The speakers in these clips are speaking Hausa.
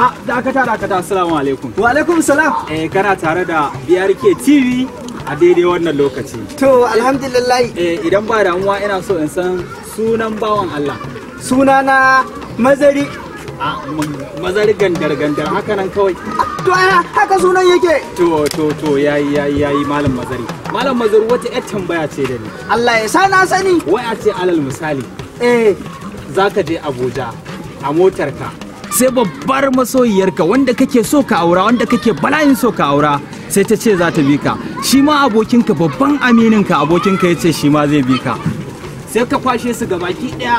a dakata dakata assalamu alaikum wa alaikum salam eh kana tare da BRK TV a daidai wannan lokaci to alhamdulillah eh idan ba damuwa ina so in san sunan bawan Allah sunana mazari mazari gandar gandar haka nan kawai to eh, haka sunan yake to to to yayi yayi yayi malam mazari malam mazari wata yar tambaya ce da ni Allah ya sa na sani wai a ce alal misali eh zaka je Abuja a motarka sai babbar masoyiyarka wanda kake so ka aura wanda kake bala'in so ka aura sai ta ce za ta bi ka shi ma abokinka babban amininka abokinka ya ce shi ma zai bi ka sai ka kwashe su gabaki daya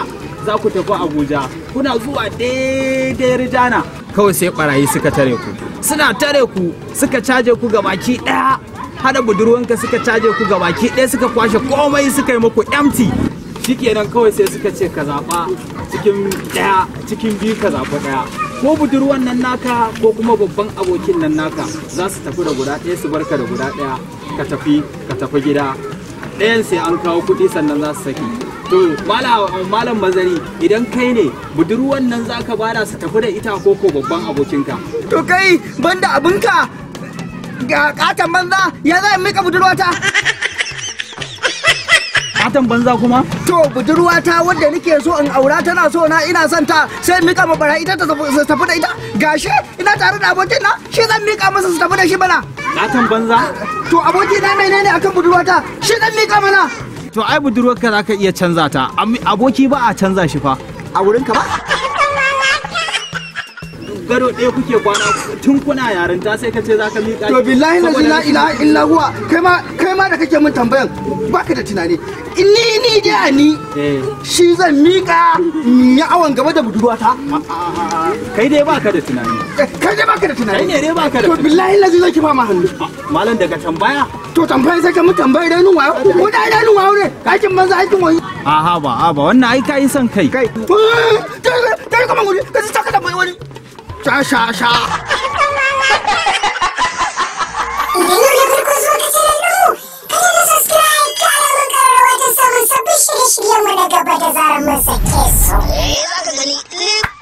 za ku tafi abuja kuna zuwa daidai rijana kawai sai barayi suka tare ku suna tare ku suka caje ku gabaki daya hada budurwanka suka caje ku gabaki daya suka kwashe komai suka yi muku empty shikenan kawai sai suka ce ka zaɓa cikin ɗaya cikin biyu ka zaɓa ɗaya ko budurwan nan naka ko kuma babban abokin nan naka za su tafi da guda ɗaya su barka da guda ɗaya ka tafi ka tafi gida ɗayan sai an kawo kuɗi sannan za su saki to malam bazari idan kai ne budurwan nan za ka bada su tafi da ita ko ko babban abokinka to kai banda abinka ga katon banza ya zai mika budurwata fatan banza kuma? To budurwa ta wadda nake so in aura tana so na ina son ta sai mika ma bara ita ta tafi da ita gashi ina tare da abokin na shi zan mika masa su tafi da shi bana. Katan banza? To aboki na menene akan budurwa ta shi zan mika mana. To ai budurwar ka za ka iya canza ta aboki ba a canza shi fa. A wurin ka ba? gado ɗaya kuke kwana tun kuna yarinta sai ka ce za ka miƙa to billahi la ilaha illa huwa kai ma kai ma da kake min tambayan baka da tunani ni ni da ni eh. shi zan miƙa ya awon gaba da budurwata kai dai baka eh, da tunani kai dai baka da tunani kai dai baka da to billahi la zai ki ba ma hannu malam daga tambaya to tambaya sai ka mu tambaya da nuwa ko da da nuwa ne aikin banza aikin wani a ha ba ha ba wannan ai yi son kai kai eh, kai kuma guri ka saka da 抓沙沙。Shirye-shiryenmu na gaba da zarar mun sake su. Eh, za ka gani, lip